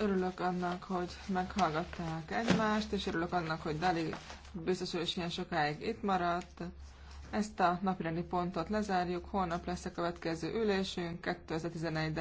Örülök annak, hogy meghallgatták egymást, és örülök annak, hogy Dali biztos, hogy ilyen sokáig itt maradt. Ezt a napirendi pontot lezárjuk, holnap lesz a következő ülésünk, 2011.